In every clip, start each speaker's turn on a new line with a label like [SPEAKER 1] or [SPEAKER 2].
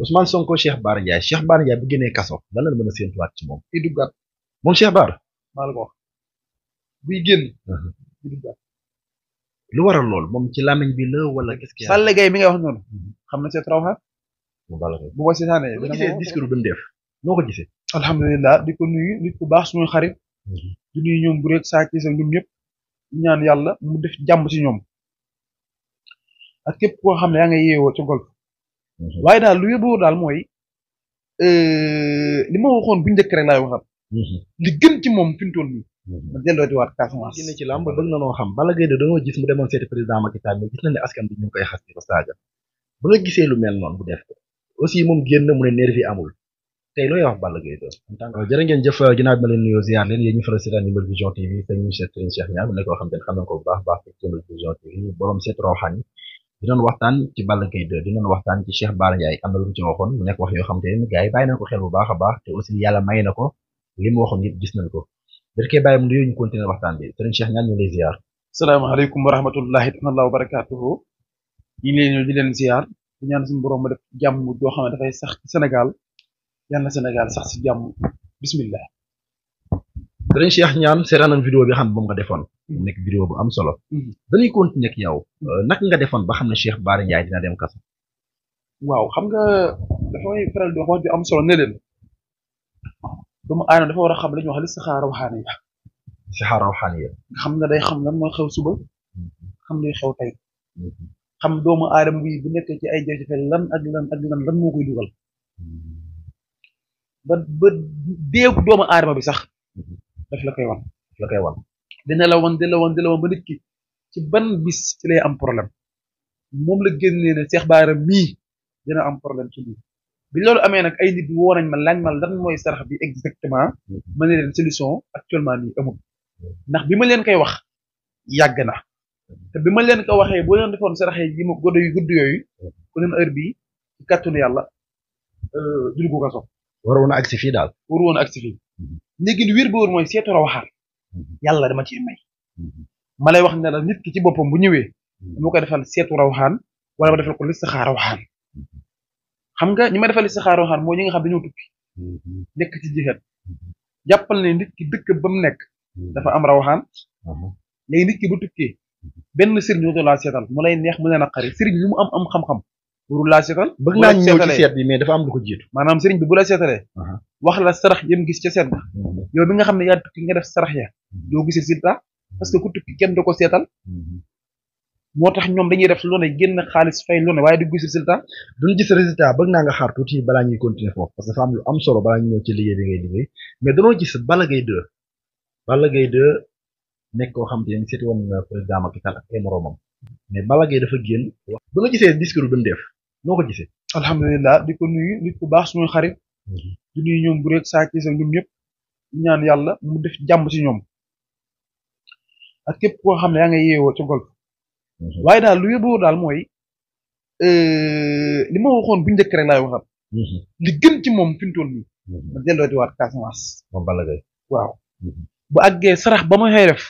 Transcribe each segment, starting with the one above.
[SPEAKER 1] Ousmane Sonko Cheikh Bara Ndiaye Cheikh Bara Ndiaye bu génnee kaso lan la mën a séentuwaat ci moom. di duggaat moom Cheikh Bara. maa la ko wax uh-huh. duggaat. moom ci làmmiñ bi la wala qu'est-ce que. Sall Gueye mi wax noonu. Uh-huh. xam na c'est trop xaar. bu ko seetaanee. bu gisee discours bi mu def noo ko gisee. alhamdulilah di ko nuyu nit baax suñu xarit. Uh-huh. di nuyu ñoom bu rek saa kii sa ñëpp ñaan yàlla mu def jàmm ci ñoom. ak képp koo xam ne yaa ngi yeewoo ca Mhm. waaye daal lu yóbboo daal mooy euh, li ma waxoon bu njëkk rek laay waxal. Mhm. li gën ci moom fi mu toll nii. Mhm. delloo ci waat Casamance. ci na noo xam Balla Gaye de mu demoon seeti président Macky Sall mais gis na ne askan ba nga gisee lu mel noonu bu def ko aussi moom génn mu ne nervi amul tey looy wax Balla Gaye de. en tant que jërë ngeen jëf ginnaaw bi ma leen nuyoo ñu faral seetaan Nouvelle Vision TV sëñ Cheikh Serigne Cheikh Niang mu nekk koo TV borom seet roxaan dinañ waxtaan ci Balla kay 2 dinañ waxtaan ci Cheikh Bara Ndiaye am na lu ci waxoon mu nekk wax yoo xam te ne gars yi bàyyi nañ ko xel bu baax a baax te aussi yàlla may na ko li mu waxoon gis nañ ko dañ koy bàyyi mu nuyoo ñu continuer waxtaan bi sëriñ Cheikh ñaan ñu lay ziar. salaamaaleykum wa rahmatullahi taala ñu ngi leen di leen ñaan suñu borom ma def jàmm joo xam ne dafay sax ci Sénégal yàlla Sénégal sax si jàmm bismillah Serigne Cheikh Niane seetaanam vidéo bi xam ne moom nga defoon mu nekk vidéo bu am solo mm-hmm. dañuy continuer ak yow mm-hmm. euh, naka nga defoon ba xam ne Cheikh Bara Ndiaye dina dem kaso waaw xam nga dafay faral di wax am solo ne leen doomu war a xam la ñuy saxaar waxaane ya saxaar xam nga day xam lan mooy xew suba mm-hmm. xam luy xew tey xam doomu aadama bi bu ci ay jafe-jafe lan moo koy dugal bi sax daf la koy wan daf la wan dina la wan dina la wan dina ba nit ci ban bis ci lay am problème moom la génnee ne Cheikh Baara mii dina am problème ci lii bi loolu amee nag ay nit woo nañ ma laaj ma lan mooy sarax bi exactement ma ne solution actuellement ni amul ndax bi ma leen koy wax yàgg na te bi ma leen ko waxee boo leen defoon sarax yi ma godo yu gudd yooyu ku neen heure bii ci kàttanu yàlla julli euh, ko kaso waroon a agsi daal waroon a agsi fii Mhm. léegi lu ba wér mooy seetu rawaxaan mhm. yàlla dama ci may mhm. ma lay wax ne la nit ki ci boppam bu ñëwee dama ko defal seetu rawaxaan wala ma defal ko listixaar rawaxaan xam nga ñi ma defal listixaar rawaxaan moo ñi nga xam dañoo tukki nekk ci jihaad jàppal ne nit ki dëkk ba mu nekk dafa am rawaxaan léegi nit ki bu tukkee benn sëriñ ñoo laa seetal mu lay neex mu ne naqari sëriñ lu mu am am xam-xam warul laa seetal bëgg naa ñëw ci seet bi mais dafa am lu ko jiitu maanaam sëriñ bi bu seetalee wax sarax yëm gis ca seet ba mhm. yow bi nga xam ne yaa tukki nga def sarax ya mhm. doo gis résultat parce que ku kenn da ko seetal mhm. moo tax ñoom dañuy def lu ne génn xaalis fay lu ne waaye du gis résultat duñ gis résultat bëgg naa nga xaar tuuti bala ñuy continuer foofu parce que dafa am lu am solo balaa ñu ñëw ci liggéey bi ngay liggéey mais danoo gis Balla Gaye 2 Balla koo xam te ne seeti woon nga président Macky Sall ak ay moroomam mais Balla Gaye dafa génn def noo ko gisee. alhamdulilah di ko nuyu nit ku baax suñu xarit. Mhm. di nuyu ñoom bu rek saa kii ñoom ñëpp ñaan yàlla mu def jàmm ci ñoom. ak képp koo xam ne yaa nga yeewoo ci mhm. waaye daal lu yóbboo daal mooy euh, li ma waxoon bu njëkk rek laay waxat mhm. li gën ci moom fi mu toll nii ma delloo di waat Casamance moom Balla Gaye waaw bu sarax ba ma xëy def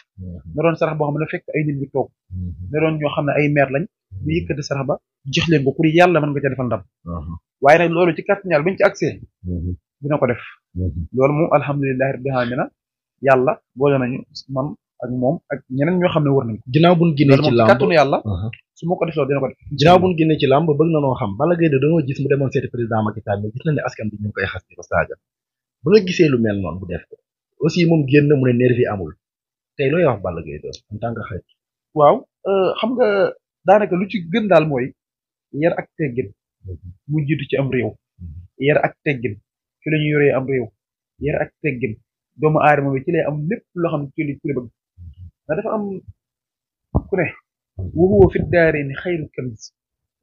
[SPEAKER 1] sarax boo xam ne fekk ay nit ñu toog na ñoo xam ne ay maire lañ ñu yëkkati sarax ba jox leen ko pour yàlla mën nga ca defal ndam. Uh-huh. waaye loolu ci kàttan yàlla buñ ci accès. Uh-huh. dina ko def. Uh-huh. loolu moom alhamdulilah rabbil alamin yàlla boole nañu man ak moom ak ñeneen ñoo xam ne war na ginnaaw bu ñu génnee ci làmb su ma ko defee dina ko def. ginnaaw ci làmb bëgg na noo xam Balla Gaye de dañoo gis mu demoon seeti président Macky Sall mais gis nañ koy xas di ko saaga bu nga gisee lu mel noonu bu def aussi moom génn mu ne nervi amul tey looy wax Balla Gaye de en tant que xarit. waaw euh, xam nga daanaka lu ci gën daal mooy yar ak teggin mu jiitu ci am réew yar ak teggin ci am réew yar ak doomu aadama bi ci lay am lépp loo xam ci li ci la bëgg am ku ne wa huwa xayru kanz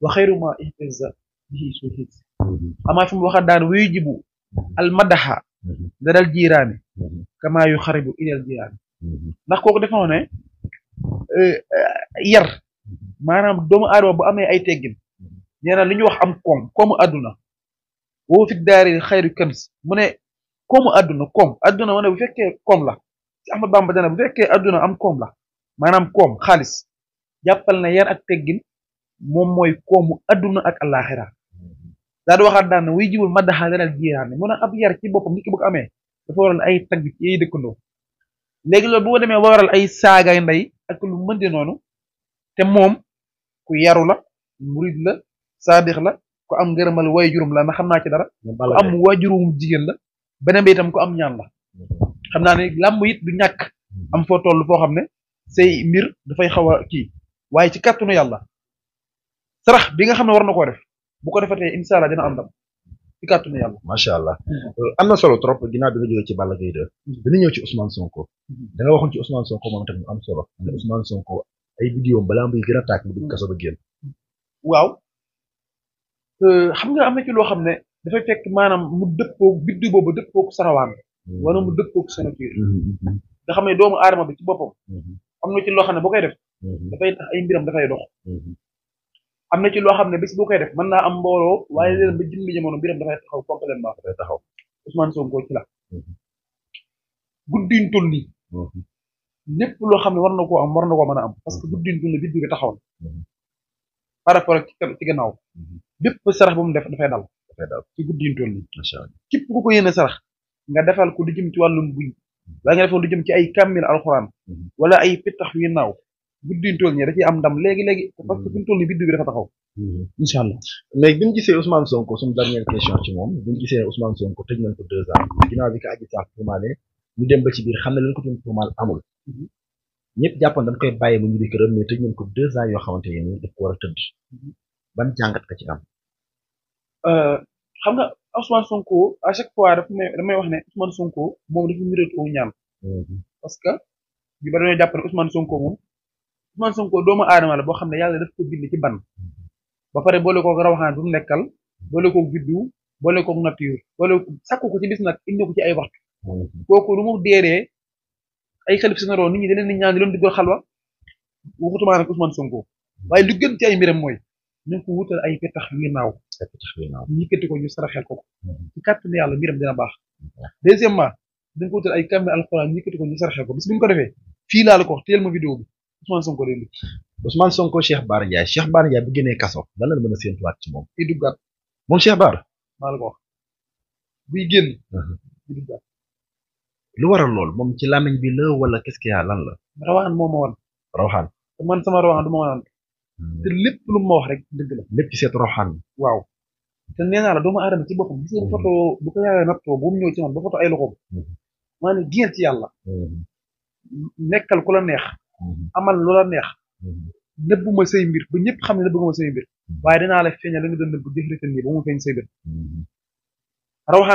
[SPEAKER 1] wa xayru ma ihtaza bihi suufit amaa fi mu almadaxa da dal jiiraani kamaa yu xaribu ilal jiiraani ndax kooku dafa ne eh, eh, yar maanaam doomu aadama bu amee ay teggin nee li ñu wax am koom koomu àdduna woo fi daari xayru kams mu ne koomu àdduna koom àdduna mu ne bu fekkee koom la si Ahmad Bamba dana bu fekkee àdduna am koom la maanaam koom xaalis jàppal na yar ak teggin moom mooy koomu àdduna ak àllaaxira daa di waxaat daan wuy jibul madaxa lenal jiiraane mu ne ab yar ci boppam nit ki bu ko amee dafa waral ay tagg ci ay dëkkandoo léegi loolu demee ba waral ay saagay ndey ak lu mën di noonu te moom ku yaru la la saadix la ku am ngërëmal way jurum la na xam naa ci dara ku am waajurum jigéen la beneen bi itam ko am ñaan la mm-hmm. xam naa ne làmb it du ñàkk mm-hmm. am foo toll foo xam ne say mbir dafay xaw a waaye ci kàttanu yàlla sarax bi nga xam ne war na koo def bu ko defatee incha allah dina am ndam ci kàttanu yàlla macha allah mm-hmm. euh, am na solo trop ginnaaw bi nga jógee ci Balla Gaye 2 dina ñëw ci Ousmane Sonko da nga waxoon ci Ousmane Sonko moom tamit mu am solo Ousmane Sonko ay vidéo balaa gën a tàkk bu dugg kaso Euh, xam nga am na ci loo xam ne dafa fekk maanaam mu dëppoo biddu boobu dëppook sarawaan mm-hmm. wala mu dëppook sanatiir mm-hmm. nga xam ne doomu aadama bi ci boppam mm-hmm. am na ci loo xam ne bu koy def dafay tax ay dafay dox am na ci loo xam ne bis bu koy def mën naa am mbooloo waaye leen ba jëmmi jamono mbiram dafay taxaw complètement dafay taxaw Ousmane Sonko ci la guddiñ toll nii loo xam ne war na koo am war na koo mën a am parce que guddiñ toll biddu bi taxaw na par rapport ak ci gannaaw bépp sarax ba mu def dafay dal. ci guddi yu toll nii. képp ku ko yéene sarax nga defal ko lu jëm ci wàllum buy. wala nga defal lu jëm ci ay kàmmil alxuraan. Mhm. wala ay pittax yu naaw. guddi yu toll nii da am ndam léegi léegi. Mhm. parce que fi mu toll nii biddu bi dafa taxaw. Mhm. incha allah léegi bi ñu gisee Ousmane Sonko suñu dernière question ci moom bi ñu gisee Ousmane Sonko tëj nañ ko deux ans ginnaaw bi ko Adji Sarr tuumaale ñu dem ba ci biir xam ne lañ ko doon tuumaal amul. ñëpp jàppoon dañ koy bàyyi mu ñu di këram mais ko deux yoo xamante ne daf ko ban jàngat ka ci am. Euh, xam nga Ousmane Sonko à chaque fois dafa may damay wax ne Ousmane Sonko moom dafa ñaan. Mhm. parce que ñu ba dañoo jàpp Sonko moom Ousmane Sonko doomu aadama la boo xam ne yàlla daf ko bind ci ban. Mhm. ba pare boole koog rawaxaan bu mu nekkal boole koog biddu boole koog nature boole sakku ko ci bis nag indi ci ay waxtu. Mhm. kooku lu mu deeree ay xalif seen nit ñi dañ leen di ñaan di leen duggal xalwa waxutuma nag Ousmane Sonko waaye lu gën ci ay mbiram mooy. nañ ko wutal ay petax yu naaw. ay petax yu naaw yëkkati ko ñu saraxel ko ko. Mm-hmm. ci kàttanu yàlla mbiram dina baax. deuxièmement dañ ko wutal ay kàmmi alxuraan yëkkati ko ñu saraxel ko bis bu ñu ko defee fii laa la ko teel ma vidéo bi Ousmane Sonko lay lu Ousmane Sonko Cheikh Bara Ndiaye Cheikh Bara Ndiaye bu génnee kaso lan la mën a séentuwaat ci moom. di duggaat moom Cheikh Bara. maa la ko mm-hmm. lu waral lool moom ci làmmiñ bi la wala qu'est-ce a lan la. rawaan moo ma wan. rawaan man sama rawaan du ma te lépp lu ma wax rek dëgg la. lépp ci seetu roxaan waaw te nee naa la doomu aadama mm-hmm. ay loxoom mm-hmm. maanaam génn yàlla mm-hmm. nekkal ku la neex amal lu neex nëbbu ma say mbir ñëpp xam ne nëbbu ma say mbir waaye la doon nëbbu jëfandikoo nii ba mu feeñ bi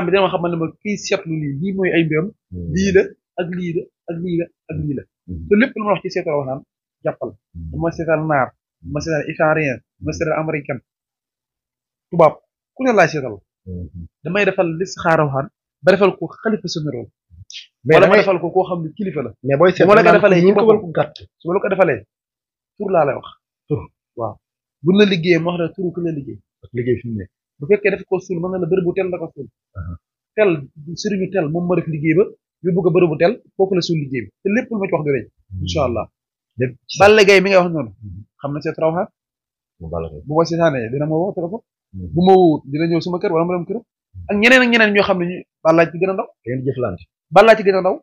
[SPEAKER 1] dina ma xam ne ma kii seetlu lii ak lii la ak lii wax ci seetu rawaxaan jàppal dama seetal naar matériel ivoirien hmm. matériel américain tubaab ku ne seetal hmm. damay defal listixaara waxaan ba defal ko xalifa suñu mais wala ko koo xam ne kilifa la. mais booy seet ma la ko defalee ñu ko la tur laa lay wax. tur waaw bu la liggéey ma wax la tur ku la liggéey. fi mu bu fekkee def ko suul mën na la bërëb bu tel la ko suul. tel sëriñu tel moom ma def liggéey ba ñu bëgg a bu tel foofu la suul liggéey bi te lépp lu ma ci wax du rëy. Hmm. incha allah Balla Gaye mi ngay wax noonu mm-hmm. xam na c'est trop hard bu ma seetaanee dina ma woo téléphone mm-hmm. bu kër wala ma dem mm-hmm. ak ñeneen ak xam ne ñu Balla ci gën a ndaw ngeen jëflante Balla ci a ndaw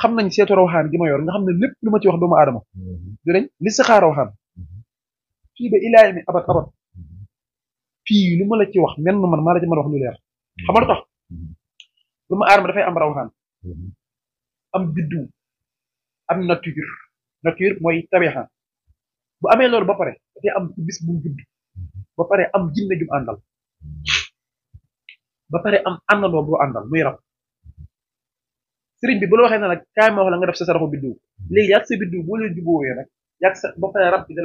[SPEAKER 1] xam nañ seetu gi ma yor nga xam ne lépp lu ma ci wax doomu aadama du dañ li saxaa rawxaan fii ba ilaayi mi abat abat fii lu ma la ci wax menn man maa la ci mën wax lu leer xamal tax lu ma aadama dafay am rawxaan am biddu am nature nature mooy tabixa bu amee loolu ba pare dafay am ci bis bu mu judd ba pare am jinne jum àndal ba pare am àndandoo boo àndal muy rab sëriñ bi bu la waxee na nag kaay ma nga def sa saraxu biddiw léegi yàgg sa biddiw boo leen jubóowee nag yàgg sa ba pare rab bi boo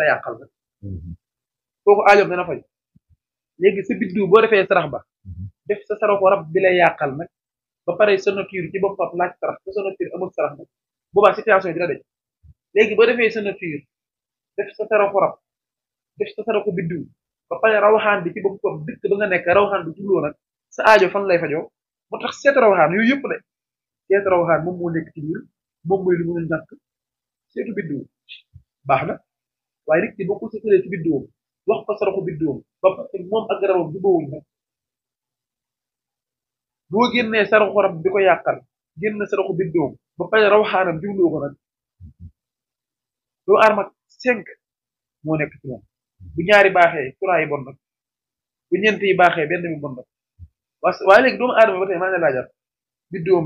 [SPEAKER 1] defee sarax ba def sa saraxu rab bi lay yàqal nag ba pare sa nature ci boppam laaj sarax te sa nature amul sarax nag boobaa situation yi dina léegi boo defee sa nature def sa saraxu rab def sa saraxu biddiw ba ba nga nekk rawaxaan bi fan lay fajoo moo tax seet baax na waaye nit ki ko seetalee ci biddiwam wax ba pare ko yàqal génn saraxu biddiwam ba pare rawaxaanam jubloo ko nag doo armak cinq moo nekk ci moom bu ñaari baaxee trois yi bon nag bu ñeent yi baaxee benn bi bon nag waaye léegi doomu aadama ba tey maa ngi la laajal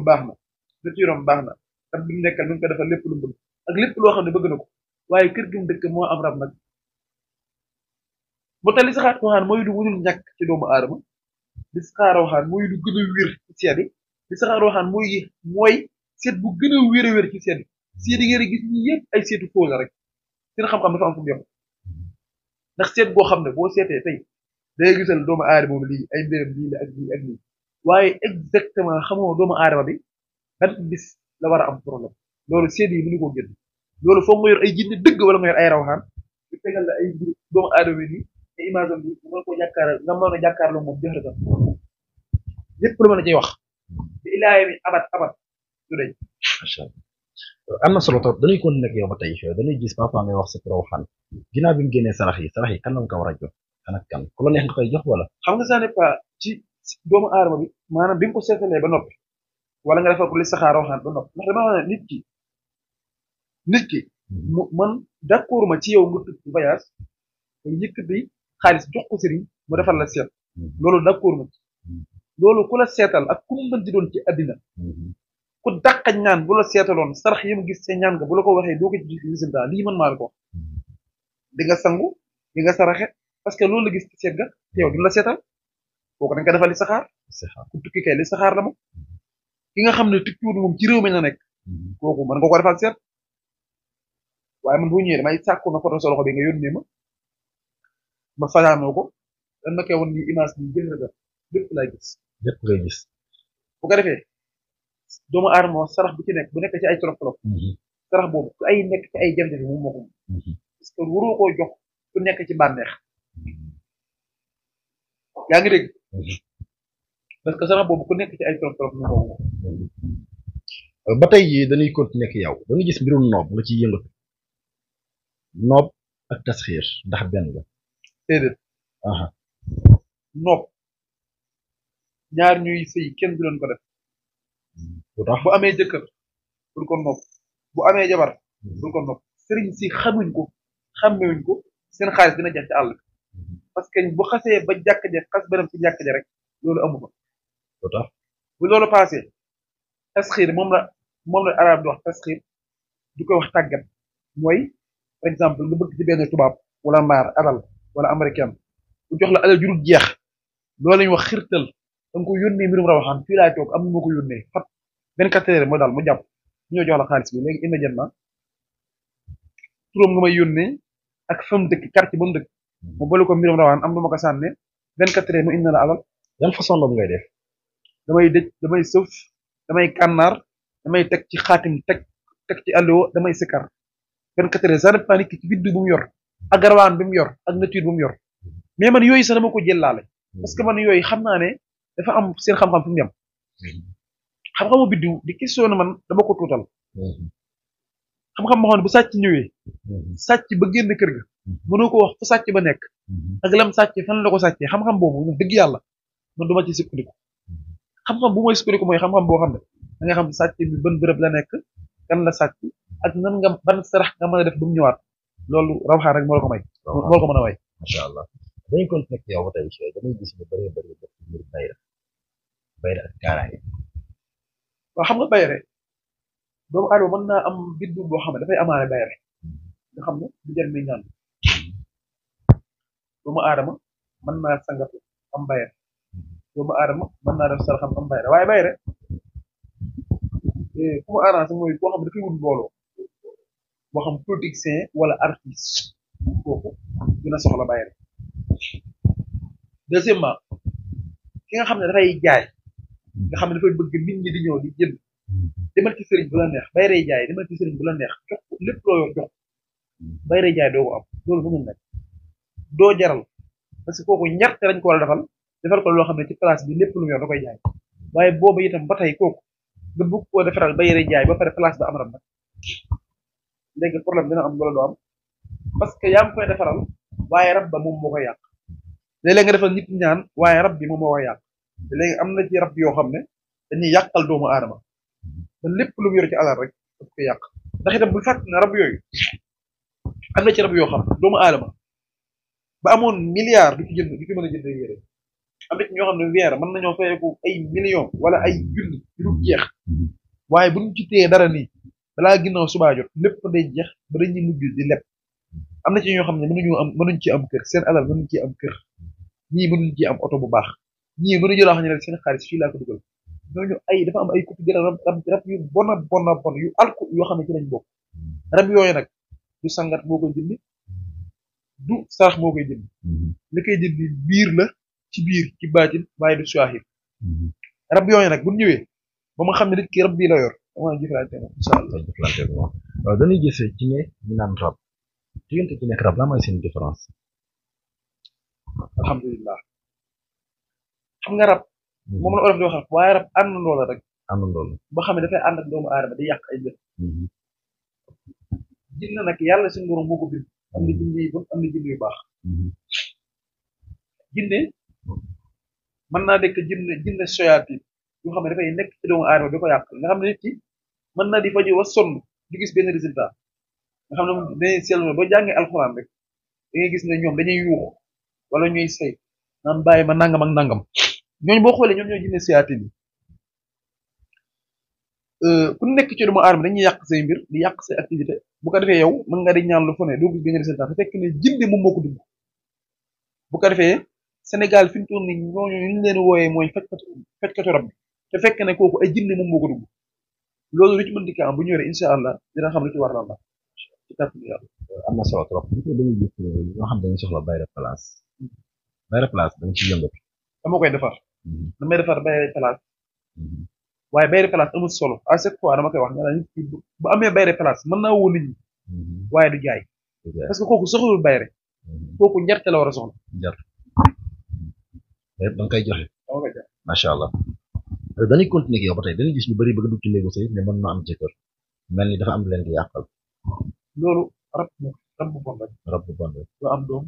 [SPEAKER 1] baax na naturam baax na rab bi mu nekkal lu mu ak lépp loo xam ne bëgg na ko waaye kër gi dëkk moo am rab nag ba waxaan mooy du mënul ñàkk ci doomu aadama li si xaar waxaan mooy du gën a mooy mooy seet bu gën a ci seet seet yi ngeen gis ñi yëpp ay seetu foo la rek seen xam-xam dafa am a mu yem ndax seet boo xam ne boo seetee tey day gisal doomu aadama bi li ay mbiram lii la ak lii ak exactement xamoo doomu aadama bi ban bis la war am problème loolu seet yi mënu ko génn loolu foog nga yor ay jinne dëgg wala nga ay rawxaan ñu tegal la ay nga mën ko jàkkaarloo nga a jàkkaarloo moom jox la tam lépp lu mën a abat abat du am na solo trop dañuy continuer ak yow ba gis parfois ngay wax sa rawxaan ginnaaw bi mu génnee sarax yi sarax yi kan la ko war a jox kan ak kan ku la neex nga koy jox wala. xam nga ça n'est pas bi maanaam bi ko seetalee ba noppi wala nga defal ko ba noppi ndax dama wax ne nit ki nit ki. Mhm. mu man d'accord ma ci yow nga tudd voyage nga yëkkati xaalis jox ko sëriñ mu defal la seet. Mhm. loolu d'accord ma mhm. loolu ku la seetal ak ku doon ci àddina. ku dàq ñaan bu la seetaloon sarax yi mu gis sa ñaan nga bo la ko waxee doo ko gis résultat lii man ko wax nga sangu di nga saraxe parce que loolu la gis ci seet ga te yow la seetal kooku dañ ko defal li saxaar ku tukki kay la moom ki nga xam ne tukkiwul moom ci réew mi na nekk mm-hmm. kooku mën ko defal seet waaye man boo ñëwee damay sàkku na photo sa loxo bi nga yónnee ma ma fajaanoo ko dan won ni image bi jël nga lépp doomu aadama sarax bu ci nekk bu nekk ci ay trop trop mhm. sarax boobu ku ay nekk ci ay jafe-jafe moom moo ko mhm. parce que jox ku nekk ci bànneex mhm. yaa ngi dégg parce sarax boobu ku nekk ci ay trop trop moom moo euh, ba tey jii dañuy continuer ak yow dañuy gis mbirum noob nga ciy yëngatu noob ak tasxiir ndax benn la déedéet noob ñaar ñuy sëy kenn du ko def bu tax bu amee jëkkër bul ko nopp bu amee jabar bul ko nopp sëriñ si xamuñ ko xamewuñ ko seen xaalis dina jeex ci àll bi parce que bu xasee ba jàkk ja xas benam ci jàkk ja rek loolu amu fa lu tax bu loolu passé tasxiir moom la moom la arab di wax tasxiir du koy wax tàggat mooy par exemple nga bëgg ci benn tubaab wala mbaar alal wala américain bu jox la alal jurul jeex loolu lañu wax xirtal da nga ko yónnee mbirum rawaxaan fii laay toog am na ma ko yónnee fat vingt quatre heures mooy daal mu jàpp ñoo jox la xaalis bi léegi immédiatement turam nga may yónnee ak fam dëkk quartier ba ko mbirum am na ma ko sànne vingt quatre heures mu la abal yan façon loolu damay dëj damay sëf damay kànnaar damay teg damay sikar vingt quatre heures ça ne panique ci yor ak mu yor ak nature bu mu yor hmm. parce que man yooyu xam naa dafa am seen xam-xam fi mu yem xam-xamu biddiw di question man dama ko tuutal xam-xam boo xam ne bu sàcc ñëwee sàcc ba génn kër ga mënoo ko wax fu sàcc ba nekk a lam sàcc fan la ko sàccee xam boobu wax yàlla man du sukkandiku xam-xam bu may sukkandiku mooy xam-xam boo xam ne xam sàcc bi ban la nekk kan la sàcc ak nan nga ban sarax nga mën a def ba mu ñëwaat loolu rawaxaan rek moo la may moo la ko may. dañ connecté yow ba tey damay gis ñu bëree bëri def ci nga bayre doomu aadama mën naa am biddu boo xam ne dafay amaale bayre nga xam ne du jar mi ñaan doomu aadama mën naa sangatu am bayre doomu aadama mën naa def saraxam am bayre waaye bayre eh, ku mu arrangé mooy koo xam dafay wut mbooloo boo xam politicien wala artiste kooku dina soxla bayre deuxièmement ki nga xam ne dafay jaay nga xam ne dafay bëgg nit ñi di ñëw di jënd demal ci sëriñ bu neex bay rey jaay demal ci sëriñ neex jox lépp loo yor jox jaay doo ko am loolu mënul nekk doo jaral parce que kooku ñarte lañ ko war a defal defal ko loo xam ne ci place bi lépp lu mu yor da koy jaay waaye boobu itam ba tey kooku nga bëgg koo defaral bay rey jaay ba pare place ba am ram nag léegi problème dina am loolu doo am parce que yaa ngi koy defaral waaye rab ba moom moo ko yàq léeg-léeg nga defal nit ñaan waaye rab bi moom moo ko yàq léegi am na ci rab yoo xam ne dañuy yàqal doomu aadama ba lépp lu mu yor rek daf ko yàq ndax rab yooyu am na ci rab yoo xam doomu aadama ba amoon milliard du ci jënd du ci mën a jënd yére na ci ñoo xam ne weer mën nañoo fayeeku ay millions wala ay junni yu dul jeex waaye bu ñu ci téye dara nii balaa ginnaaw subaa jot lépp day jeex ba dañuy mujj di leb am na ci ñoo xam ne mënuñu am mënuñ ci am kër seen alal mënuñ ci am kër ñii mënuñ ci am oto bu baax ñii mënuñu loo xam ne seen xaalis fii laa ko dugal ñooñu ay dafa am ay coupe de rab rab yu yoo xam ne ci lañ bokk rab sangat moo du sarax moo koy jënd li koy ci biir ci baatin waaye du suwaahir rab bu ñëwee ba xam ne nit ki rab bii la yor ci ne ñu naan rab diggante bu nekk rab la mooy différence alhamdulilah xam nga rab mhm. moom la olof di wax rab waaye rab àndandoo rek àndandoo la boo xam ne dafay ànd ak doomu aadama di ay mbir mhm. jinne nag yàlla suñu borom moo ko de am na jinne na jinne yu baax mhm. jinne mën naa nekk jinne jinne soyaati yoo xam ne dafay nga xam ne nit ki mën naa di faju wa sonn di gis benn résultat nga xam ne dañuy seetlu ba jàngee alxuraan rek da ngay gis ne ñoom dañuy yuux wala ñuy say naan bàyyi ma nangam ak nangam ñooñu boo xoolee ñoom ñoo jinne siyaati bi euh, ku nekk dañuy yàq say di yàq say activité bu ko yow mën nga di ñaan lu fone doo gis benn résultat te fekk moo ko dugg bu defee Sénégal fi mu ñooñu ñu leen wooyee mooy fajkatu fajkatu rab bi te fekk ne kooku ay jinne moom dugg loolu lu ma mën di ka am bu ñëwee incha allah dina xam lu ci war la ci kàttan yàlla am na solo trop bu ko dañuy gis xam dañuy soxla bayre place bayre place dañ ci yëngatu dama koy defar mhm. damay defar bayre place mhm. waaye bayre place amul solo à chaque fois dama koy wax ne la nit ki bu amee bayre place mën naa woo nit mhm. waaye du jaay parce que kooku soxlawul bayre kooku njarte la war a soxla njarte lépp da nga koy joxe dama allah dañuy continuer ak ba tey dañuy gis ñu bari bëgg dugg ci néegu sëy ne mën na am jëkkër mel ni dafa am leen di yàqal loolu rab moom rab bu bon rek. am doom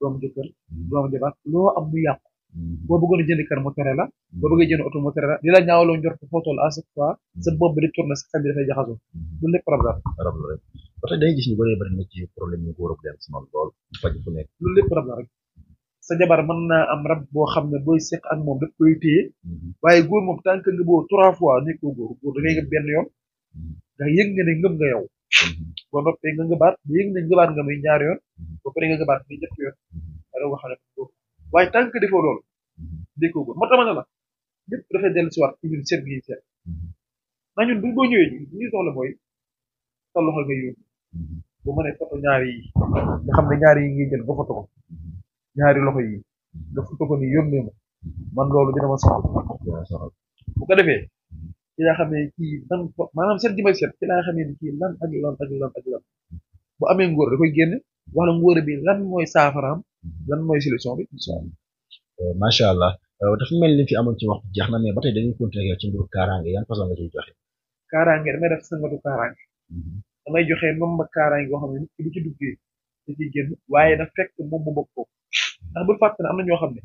[SPEAKER 1] doo am jëkkër doo hmm. am jabar loo am mu yàqu. Hmm. boo bëggoon a jënd kër mu tere la. Hmm. boo bëggee jënd oto mu tere la di la ñaawloo njort foo à chaque fois sa bopp bi di tourné sa xel bi dafay jaxasoo. loolu lépp rab la rab la rek parce que dañuy sa jabar mën naa am rab boo xam ne booy seq ak moom daf koy téye waaye góor moom tant que nga boo trois fois nekkoo góor góor da benn yoon nga yëg nga ne ngëm nga yow Mm-hmm. boo noppee nga ngëbaat léegi ne ngëbaat nga muy ñaar yoon mm-hmm. ba pare nga ngëbaat muy ñetti yoon mm-hmm. alors nga waaye tant que defoo loolu déggoo ko moo tax ma ne la lépp dafay dellusiwaat ci ñun seet gi seet na ñun bu boo ñëwee ñu ñu soxla mooy sa loxo ngay yónni bu ma ne ñaari yi nga xam ne ñaari yi ngay jël ba foto ko ñaari loxo yi nga foto ko ni yónnee ma man loolu dina ma soxal bu defee ci laa xamee kii nan maanaam seet gi may seet ci kii lan ak lan ak lan ak lan bu amee ngóor da koy génne wax la ngóor bi lan mooy saafaraam lan mooy solution bi incha allah. Euh, macha allah euh, dafa mel ni fi amoon ci waxtu jeex na mais ba tey dañuy continuer yow ci mbiru kaaraange yan façon nga ciy joxe. kaaraange damay def sangatu kaaraange. Mhm. damay joxe moom ma kaaraange boo xam ne nit ki ci duggee da ciy génn waaye na fekk moom mu bokk foofu ndax am na ñoo xam ne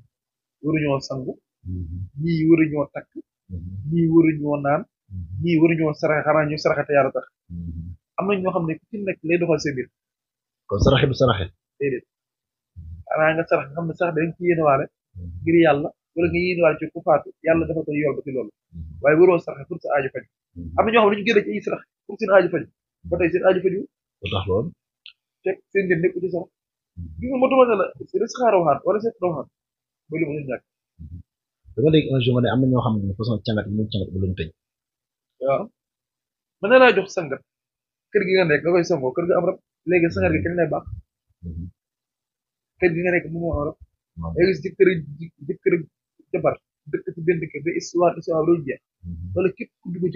[SPEAKER 1] waruñoo sangu mhm. ñii waruñoo takk. Mm-hmm. ñii waruñoo naan mm-hmm. ñii waruñoo saraxe xanaa ñu saraxe te yàlla tax mm-hmm. am na ñoo xam ne ku ci nekk lay doxal seen biir kon saraxe bu saraxe déedéet xanaa nga sarax nga xam ne sarax da yàlla wala nga yéenewaale ci ku faatu am na ñoo xam ne dañu seen aaju faj ba tey seen aaju faj yu tax loolu fekk seen ngeen nekku ci sarax gi nga motuma ne la seen saxaara wala seen waxaat dama dégg un xam ne façon cangat bi ñu cangat bu leen tëj. waaw mën na laa jox sangat kër gi nga nekk nga koy sangoo kër gi am rab léegi sangat gi mhm. kër moo am rab. léegi si jëkkër jëkkër jabar dëkk kër ba histoire histoire doo jeex mhm. wala kër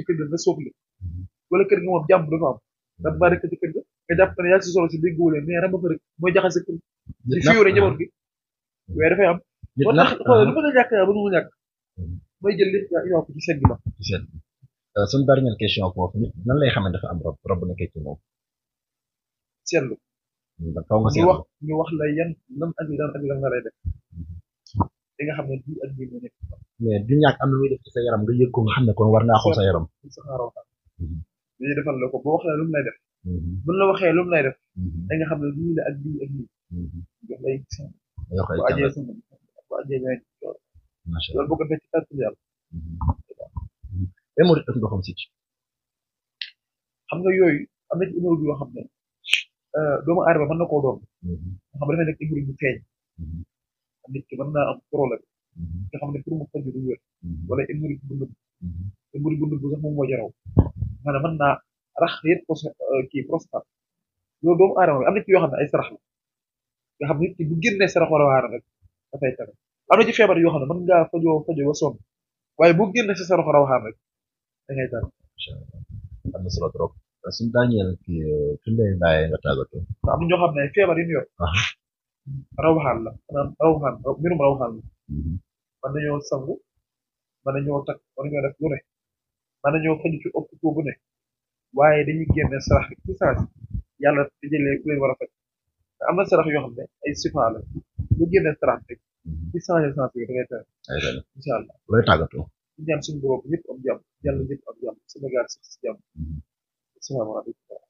[SPEAKER 1] gi nga soof mhm. wala kër rab baa rek ci gi nga jàpp ne yaa si solo si dégg mais rab fa rek mooy jaxase kër gi. di fi yore njaboot gi waaye dafay am. moo tax xoolal ah. dafa doon ñàkk a mun mu ñàkk. may jël lépp yaa indi ko ci seen bi ma. ci seen bi euh, suñu dernière question foofu nit nan lay xamee dafa am rob rob bu nekkee ci moom. seetlu. kaw mm, nga seetlu ñu wax ñu wax la yan lan ak lan ak lan nga lay def. li mm-hmm. nga xam ne bii ak bii moo nekk. mais du ñàkk am na muy def ci sa yaram nga yëg ko nga xam ne kon war ngaa xool sa yaram. dañu mm-hmm. defal la ko boo waxee lu mu lay def. Mm-hmm. buñ la waxee lu mu lay def. da nga xam ne lii la ak lii ak lii. jox lay. jox lay Mustafa diye bir yönetici Maşallah. Ben bu gıybeti katılıyorum. même murid daf xam yooyu am yoo xam ne doomu aadama mën na koo doon nga ne dafay nekk bu feeñ nit ki mën naa am problème nga xam ne pour mu faju du wér wala émeraude bu nëbb émeraude bu nëbb sax moom moo jaraw rax yëpp prostate loolu doomu aadama bi am na ci yoo xam ne ay sarax la xam nit ki bu sarax wala rek dafay tane am na ci feebar yoo xam ne mën ngaa fajoo fajoo ba waaye bu génne si sa rek da ngay tar incha allah am na solo trop suñu daaneel kii fi lay bàyyee sarax yoo xam ne ay sifa bu génne sarax rek ci mhm. changement bi da ngay teel. incha allah lay tàggatoo. ñu ñaan suñu bopp ñëpp am jàmm yàlla ñëpp am jàmm Sénégal si si jàmm. Mhm.
[SPEAKER 2] asalaamaaleykum.